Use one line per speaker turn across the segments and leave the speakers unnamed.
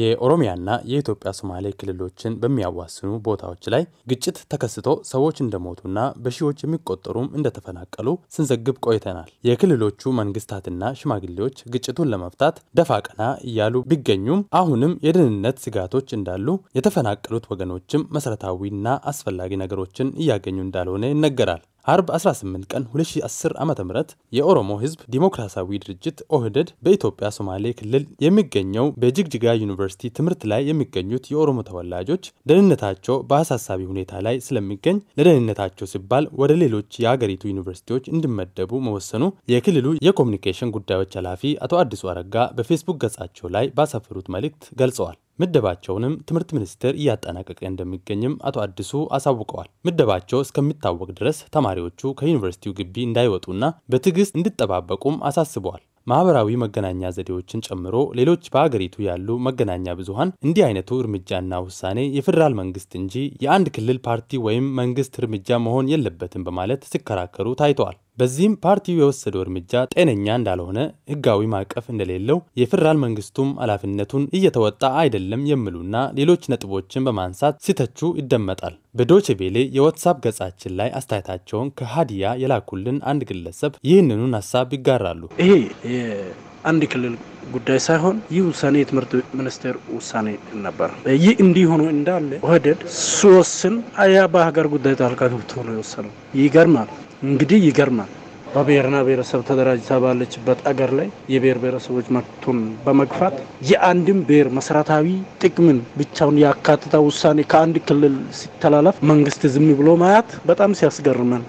የኦሮሚያና የኢትዮጵያ ሶማሌ ክልሎችን በሚያዋስኑ ቦታዎች ላይ ግጭት ተከስቶ ሰዎች እንደሞቱና በሺዎች የሚቆጠሩም እንደተፈናቀሉ ስንዘግብ ቆይተናል። የክልሎቹ መንግስታትና ሽማግሌዎች ግጭቱን ለመፍታት ደፋ ቀና እያሉ ቢገኙም አሁንም የደህንነት ስጋቶች እንዳሉ፣ የተፈናቀሉት ወገኖችም መሰረታዊና አስፈላጊ ነገሮችን እያገኙ እንዳልሆነ ይነገራል። አርብ 18 ቀን 2010 ዓ ም የኦሮሞ ህዝብ ዲሞክራሲያዊ ድርጅት ኦህደድ በኢትዮጵያ ሶማሌ ክልል የሚገኘው በጅግጅጋ ዩኒቨርሲቲ ትምህርት ላይ የሚገኙት የኦሮሞ ተወላጆች ደህንነታቸው በአሳሳቢ ሁኔታ ላይ ስለሚገኝ ለደህንነታቸው ሲባል ወደ ሌሎች የአገሪቱ ዩኒቨርሲቲዎች እንዲመደቡ መወሰኑ የክልሉ የኮሚኒኬሽን ጉዳዮች ኃላፊ አቶ አዲሱ አረጋ በፌስቡክ ገጻቸው ላይ ባሰፈሩት መልእክት ገልጸዋል። ምደባቸውንም ትምህርት ሚኒስቴር እያጠናቀቀ እንደሚገኝም አቶ አዲሱ አሳውቀዋል። ምደባቸው እስከሚታወቅ ድረስ ተማሪዎቹ ከዩኒቨርሲቲው ግቢ እንዳይወጡና በትዕግስት እንዲጠባበቁም አሳስበዋል። ማህበራዊ መገናኛ ዘዴዎችን ጨምሮ ሌሎች በአገሪቱ ያሉ መገናኛ ብዙሃን እንዲህ አይነቱ እርምጃና ውሳኔ የፌዴራል መንግስት እንጂ የአንድ ክልል ፓርቲ ወይም መንግስት እርምጃ መሆን የለበትም በማለት ሲከራከሩ ታይተዋል። በዚህም ፓርቲው የወሰደው እርምጃ ጤነኛ እንዳልሆነ፣ ህጋዊ ማዕቀፍ እንደሌለው፣ የፌዴራል መንግስቱም ኃላፊነቱን እየተወጣ አይደለም የሚሉና ሌሎች ነጥቦችን በማንሳት ሲተቹ ይደመጣል። በዶች ቬሌ የዋትሳፕ ገጻችን ላይ አስተያየታቸውን ከሀዲያ የላኩልን አንድ ግለሰብ ይህንኑን ሀሳብ ይጋራሉ።
ይሄ የአንድ ክልል ጉዳይ ሳይሆን ይህ ውሳኔ የትምህርት ሚኒስቴር ውሳኔ ነበር። ይህ እንዲህ ሆኖ እንዳለ ኦህዴድ ሲወስን አያ በሀገር ጉዳይ ጣልቃ ገብቶ ነው የወሰነው። ይገርማል። እንግዲህ ይገርማል። በብሔርና ብሔረሰብ ተደራጅታ ባለችበት አገር ላይ የብሔር ብሔረሰቦች መብቱን በመግፋት የአንድን ብሔር መሰረታዊ ጥቅምን ብቻውን ያካትታ ውሳኔ ከአንድ ክልል ሲተላለፍ መንግስት ዝም ብሎ
ማየት በጣም ሲያስገርመን፣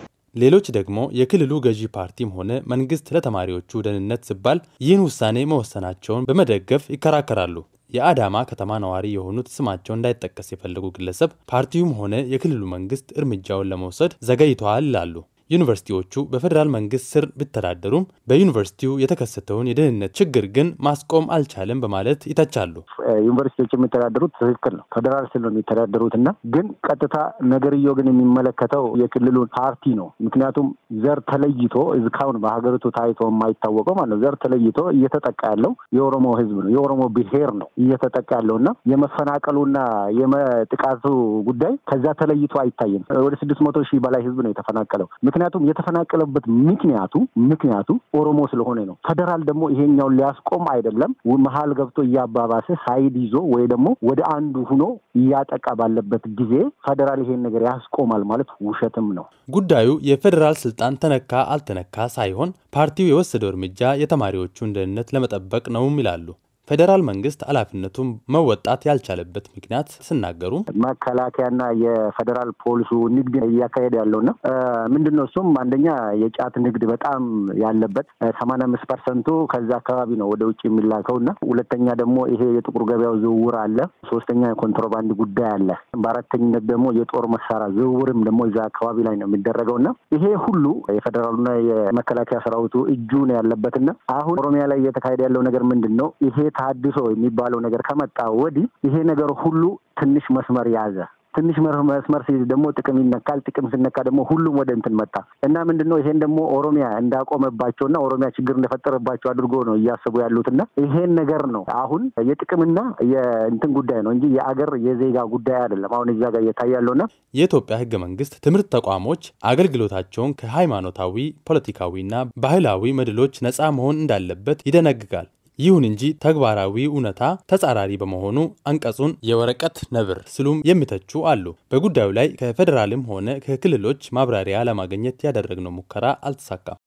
ሌሎች ደግሞ የክልሉ ገዢ ፓርቲም ሆነ መንግስት ለተማሪዎቹ ደህንነት ሲባል ይህን ውሳኔ መወሰናቸውን በመደገፍ ይከራከራሉ። የአዳማ ከተማ ነዋሪ የሆኑት ስማቸው እንዳይጠቀስ የፈለጉ ግለሰብ ፓርቲውም ሆነ የክልሉ መንግስት እርምጃውን ለመውሰድ ዘገይተዋል ይላሉ። ዩኒቨርሲቲዎቹ በፌዴራል መንግስት ስር ቢተዳደሩም በዩኒቨርሲቲው የተከሰተውን የደህንነት ችግር ግን ማስቆም አልቻለም በማለት ይተቻሉ።
ዩኒቨርሲቲዎች የሚተዳደሩት ትክክል ነው፣ ፌዴራል ስር ነው የሚተዳደሩት እና ግን ቀጥታ ነገርዮ ግን የሚመለከተው የክልሉን ፓርቲ ነው። ምክንያቱም ዘር ተለይቶ እስካሁን በሀገሪቱ ታይቶ የማይታወቀው ማለት ነው። ዘር ተለይቶ እየተጠቃ ያለው የኦሮሞ ህዝብ ነው፣ የኦሮሞ ብሄር ነው እየተጠቃ ያለው እና የመፈናቀሉና የመጥቃቱ ጉዳይ ከዛ ተለይቶ አይታይም። ወደ ስድስት መቶ ሺህ በላይ ህዝብ ነው የተፈናቀለው። ምክንያቱም የተፈናቀለበት ምክንያቱ ምክንያቱ ኦሮሞ ስለሆነ ነው። ፌደራል ደግሞ ይሄኛውን ሊያስቆም አይደለም መሀል ገብቶ እያባባሰ ሳይድ ይዞ ወይ ደግሞ ወደ አንዱ ሁኖ እያጠቃ ባለበት ጊዜ ፌደራል ይሄን ነገር ያስቆማል ማለት ውሸትም ነው።
ጉዳዩ የፌዴራል ስልጣን ተነካ አልተነካ ሳይሆን ፓርቲው የወሰደው እርምጃ የተማሪዎቹን ደህንነት ለመጠበቅ ነውም ይላሉ። ፌዴራል መንግስት ኃላፊነቱን መወጣት ያልቻለበት ምክንያት ሲናገሩ
መከላከያና የፌዴራል ፖሊሱ ንግድ እያካሄደ ያለው ነው። ምንድን ነው እሱም አንደኛ የጫት ንግድ በጣም ያለበት ሰማንያ አምስት ፐርሰንቱ ከዛ አካባቢ ነው ወደ ውጭ የሚላከው እና ሁለተኛ ደግሞ ይሄ የጥቁር ገበያው ዝውውር አለ። ሶስተኛ የኮንትሮባንድ ጉዳይ አለ። በአራተኝነት ደግሞ የጦር መሳሪያ ዝውውርም ደግሞ እዛ አካባቢ ላይ ነው የሚደረገው እና ይሄ ሁሉ የፌዴራሉና የመከላከያ ሰራዊቱ እጁ ነው ያለበትና አሁን ኦሮሚያ ላይ እየተካሄደ ያለው ነገር ምንድን ነው ይሄ ታድሶ የሚባለው ነገር ከመጣ ወዲህ ይሄ ነገር ሁሉ ትንሽ መስመር ያዘ። ትንሽ መስመር ሲይዝ ደግሞ ጥቅም ይነካል። ጥቅም ሲነካ ደግሞ ሁሉም ወደ እንትን መጣ እና ምንድን ነው ይሄን ደግሞ ኦሮሚያ እንዳቆመባቸው ና ኦሮሚያ ችግር እንደፈጠረባቸው አድርጎ ነው እያሰቡ ና ይሄን ነገር ነው አሁን የጥቅምና የእንትን ጉዳይ ነው እንጂ የአገር የዜጋ ጉዳይ አይደለም። አሁን እዛ ጋር እየታየ ያለውና
የኢትዮጵያ ሕገ መንግስት ትምህርት ተቋሞች አገልግሎታቸውን ከሃይማኖታዊ ፖለቲካዊና ባህላዊ መድሎች ነፃ መሆን እንዳለበት ይደነግጋል። ይሁን እንጂ ተግባራዊ እውነታ ተጻራሪ በመሆኑ አንቀጹን የወረቀት ነብር ስሉም የሚተቹ አሉ። በጉዳዩ ላይ ከፌዴራልም ሆነ ከክልሎች ማብራሪያ ለማግኘት ያደረግነው ሙከራ አልተሳካም።